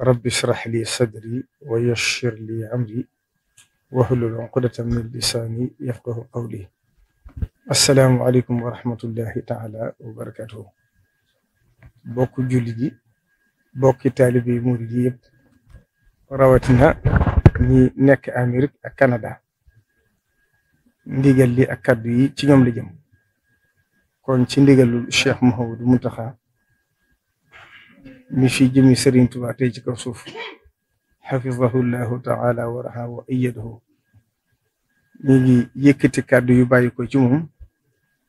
rabbi israh li sadri wa yassir li amri wahlul uqdatan min lisaani yafqahu qawli assalaamu aleykum wa rahmatullahi taala wa barakatuhu bokk julli ji bokki taalibe murid yi yëpp rawatina ñi nekk Amérique ak Canada ndigal li ak kaddu yi ci ñoom la jëm kon ci ndigalul Cheikh Mouhamadou Mountakha mi fi jëmi Sëriñ Tuubaa tey ci kaw suuf xafidahu llahu taala wa raha wa ayyadahu ñu ngi yëkkati kàddu yu bàyyi ko ci moom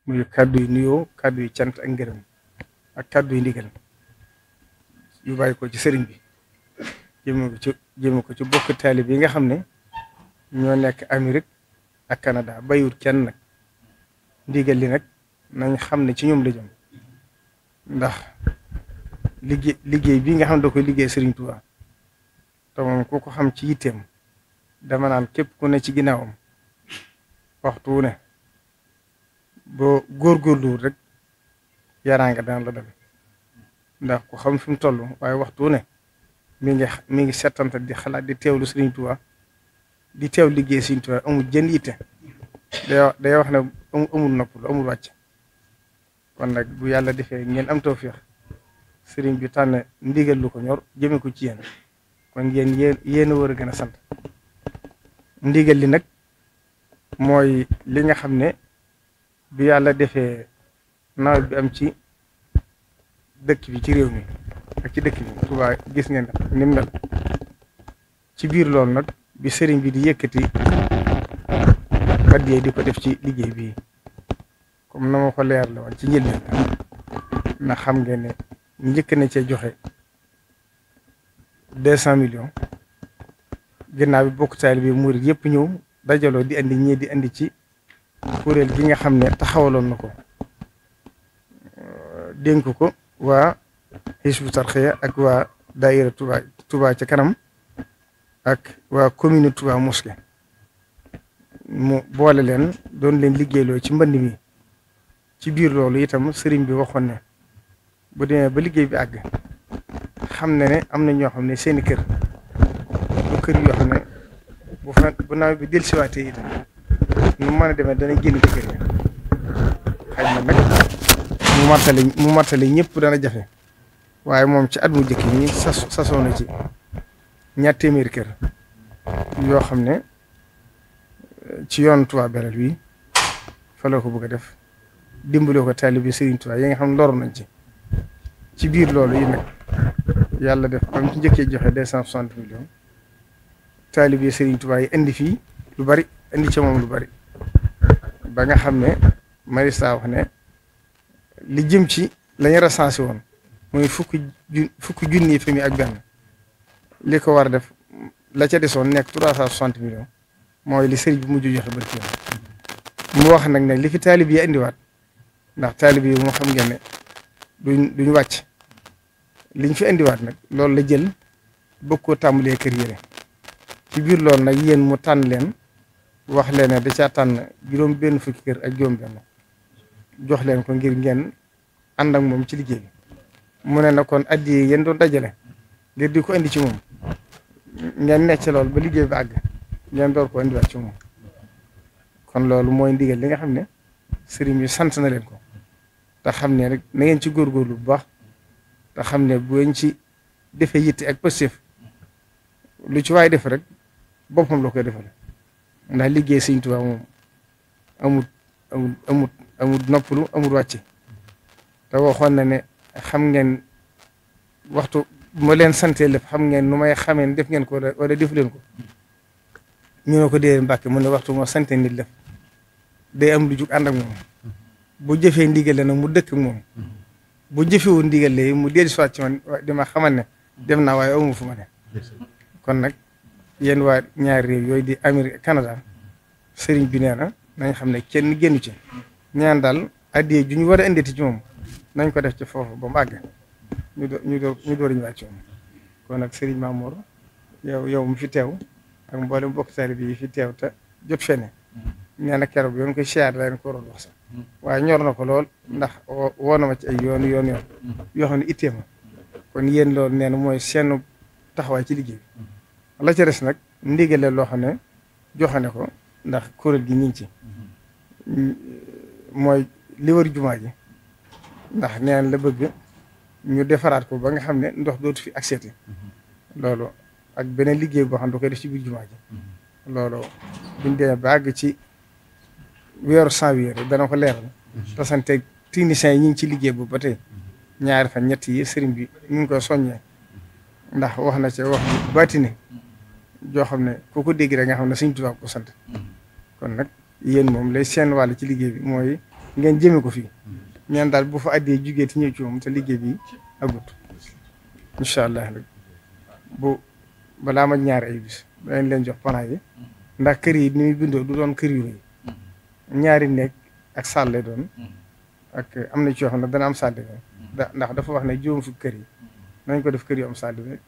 muy kàddu yu nuyoo kàddu yu cant ak ngërëm ak kàddu yu ndigal yu bàyyi ko ci sëriñ bi jëme ko ci bokk taalib yi nga xam ne ñoo nekk Amérique ak kanada bayut kenn nag ndigal li nag nañ xam ne ci ñoom la jëm ndax liggéey liggéey bii nga xam ne da koy liggéey Serigne Touba te moom ku ko xam ci yitteem dama naan képp ku ne ci ginnaawam waxtu wu ne boo góorgóorlu rek yaraanga daan la dem ndax ko xam fi mu toll waaye waxtu wu ne mi ngi mi ngi settante di xalaat di teewlu Serigne Touba di teew liggéey Serigne Touba amul jën yitte day wax ne amul nopp lu amul wàcc kon nag bu yàlla defee ngeen am tawfeex sëriñ bi tànn ndigal lu ko ñor jëme ko ci yéen kon yéen yéen a war a gën a sant ndigal li nag mooy li nga xam ne bi yàlla defee naw bi am ci dëkk bi ci réew mi ak ci dëkk bi Tuubaa gis ngeen ni mel ci biir lool nag bi sëriñ bi di yëkkati addiyee di ko def ci liggéey bii comme na ma ko leer la woon ci njëlbeen ndax xam ngeen njëkk na cee joxe deux cent millions ginnaaw bi bokk taal bi murit yépp ñëw dajaloo di andi ñii di indi ci kuréel gi nga xam ne taxawaloon na ko dénk ko waa Hizbu Tarxiya ak waa daayira tubaa tubaa ci kanam ak waa commune tubaa Mosquée mu boole leen doon leen liggéeyloo ci mbënd mi ci biir loolu itam sëriñ bi waxoon ne bu demee ba liggéey bi àgg xam na ne am na ñoo xam ne seeni kër bu kër yoo xam ne bu fa bu nawet bi dellusiwaatee itam nu mën demee dana génn ci kër yi xaj mu martale mu ñëpp dana jafe waaye moom ci at mu jëkk yi sas sasoo na ci ñaar téeméeri kër yoo xam ne eh, ci yoon Touba Belel wi fa ko bëgg a def dimbaloo ko taalibe Serigne Touba yi nga xam ne loru nañ ci. ci biir loolu yi nag yàlla def ba mu ci njëkkee joxe deux cent soixante millions taalibe Serigne Touba yi indi fii lu bari indi ca moom lu bari ba nga xam ne Marissa wax ne li jëm ci lañu recensé woon mooy fukk fukki junni famille ak benn li ko war def la ca desoon nekk trois cent soixante millions mooy li sëriñ bi mujj joxe ba kii mu wax nag ne li fi taalib yi indiwaat ndax taalib yi moo xam ngeen ne duñ duñ wàcc liñ fi indiwaat nag loolu la jël bëgg koo tàmbalee kër yére ci biir lool nag yéen mu tànn leen wax leen ne da caa tànn juróom benn fukki kër ak juróom benn jox leen ko ngir ngeen ànd ak moom ci liggéey bi mu ne na kon addi yi yéen doon dajale ngir di ko indi ci moom ngeen necc loolu ba liggéey bi àgg ngeen door ko indiwaat ci moom kon loolu mooy ndigal li nga xam ne sëriñ bi sant na leen ko te xam ne rek na ngeen ci góorgóorlu bu baax te xam ne buñ ci defe yitte ak pëstéef lu ci waay def rek boppam la koy defal ndax liggéey sëñ Tuubaa moom amut amut amut amut noppalu amut wàcc te waxoon na ne xam ngeen waxtu ma leen santee lépp xam ngeen nu may xameen def ngeen ko wala def ko ñu ne ko dee Mbàkke mu ne waxtu moo sante nit lépp day am lu jug ànd ak moom bu jëfee ndigal la nag mu dëkk ak moom bu jëfewul ndigal léegi mu dellu si ci man di ma xamal ne dem naa waaye amu fu ma ne kon nag yéen waa ñaari réew yooyu di Amérique Canada sëriñ bi nee na nañ xam ne kenn génnu ci ñaan daal addiyee ju ñu war a indeti ci moom nañ ko def ci foofu ba mu àgg ñu door ñu door kon nag sëriñ Mamour yow yow mu fi teew ak mboolem bokk bi yi fi teew te jot fene nee na keroog bi mu koy siyaar leen ko waroon wax sax waaye ñor na ko lool ndax woo na ma ci ay yoon yoon yoon yoo xam ne ittee ma kon yéen loolu nee na mooy seen taxawaay ci liggéey bi la ca des nag ndigale loo xam ne joxe na ko ndax kuréel gi ñu ngi ci mooy li wër jumaa ji ndax nee la bëgg ñu defaraat ko ba nga xam ne ndox dootu fi accepté loolu ak beneen liggéey boo xam ne da koy def ci biir jumaa ji loolu buñ demee ba àgg ci weeru janvier dana ko leeral mhm. te santeeg techniciens yi ñu ngi ci liggéey bu ba tey mhm. ñaari fan ñett yi sëriñ bi ñu ngi koy soññee ndax wax na ci wax bu baatine mhm. joo xam ne ku ko dégg rek nga xam ne Sëriñ Tuubaa ko sant kon nag yéen moom lay seen wàll ci liggéey bi mooy ngeen jëme ko fii ñaan daal bu fa addee jugee ci ñëw ci moom te liggéey bi agut incha allah rek bu balaa ma ñaari ay bis danañ leen jox plan yi ndax kër yi ni muy bindoo du loon kër yu rëy ñaari néeg ak salle doon mm-hmm. ak am na ci yoo xam ne dana am salle mm-hmm. ndax dafa wax ne juróom fukk kër yi mm-hmm. nañ ko def kër yu am salle bi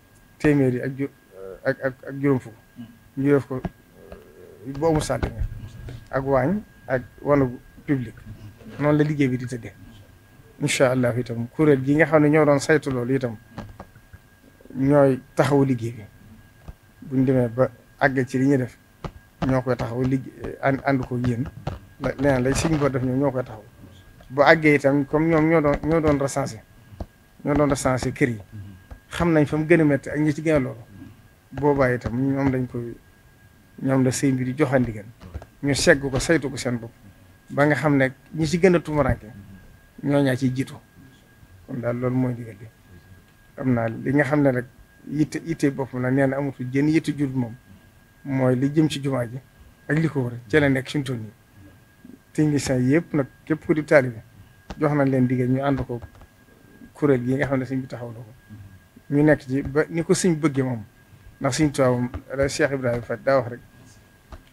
yi ak juróom fukk ñu def ko euh, bu amul salle ak waañ ak wanu public noonu la liggéey bi di tëddee incha allah itam kuréel gi nga xam ne ñoo doon saytu loolu itam ñooy taxawu liggéey bi buñ demee ba àgg ci li ñuy def ñoo koy taxawu liggéey ànd ànd ko yéen leneen lay Sëriñ Tuubaa def ñoom ñoo koy taxaw bu àggee itam comme ñoom ñoo doon ñoo doon recensé ñoo doon recensé kër yi xam nañ fa mu gën a métti ak ñi ci gën a loolu boobaa itam ñoom lañ koy ñoom la sëñ bi di joxe ndigal ñu segg ko saytu ko seen bopp ba nga xam ne ñi ci gën a tumuraanke ñoo ñaa ciy jiitu kon daal loolu mooy ndigal bi am naa li nga xam ne rek yitte yitte boppam nag nee na amatul jën yitte jur moom mooy li jëm ci jumaa ji ak li ko wër ci la nekk suñu tool yi techniciens yëpp nag képp ku taali taalibe jox nañ leen digal ñu ànd ko kuréel gi nga xam ne sëñ bi taxaw na ko ñu nekk ci ba ni ko sëñ bëggee moom ndax sëñ Tuubaa moom la Cheikh Ibrahima Faty wax rek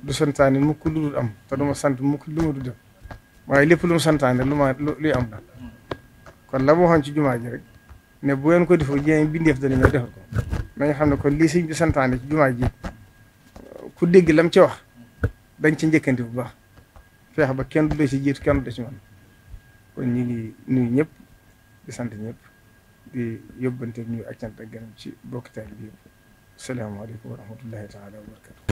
du santaane mukk lu am te du ma sant mukk lu ma du def waaye lépp lu mu santaane lu ma luy am la kon la ma waxoon ci jumaa ji rek ne bu ngeen ko defoo jeneen bindeef dana ñëw defal ko nañ xam ne kon lii sëñ bi santaane ci jumaa ji ku dégg lam ci wax dañ ci njëkkanti bu baax feex ba kenn du la ci jiit kenn du ci man kon ñu ngi nuyu ñëpp di sant ñëpp di yóbbante nuyu ak cant ak ci bokk taal bi yëpp salaamaaleykum wa rahmatullahi taala wa barakatu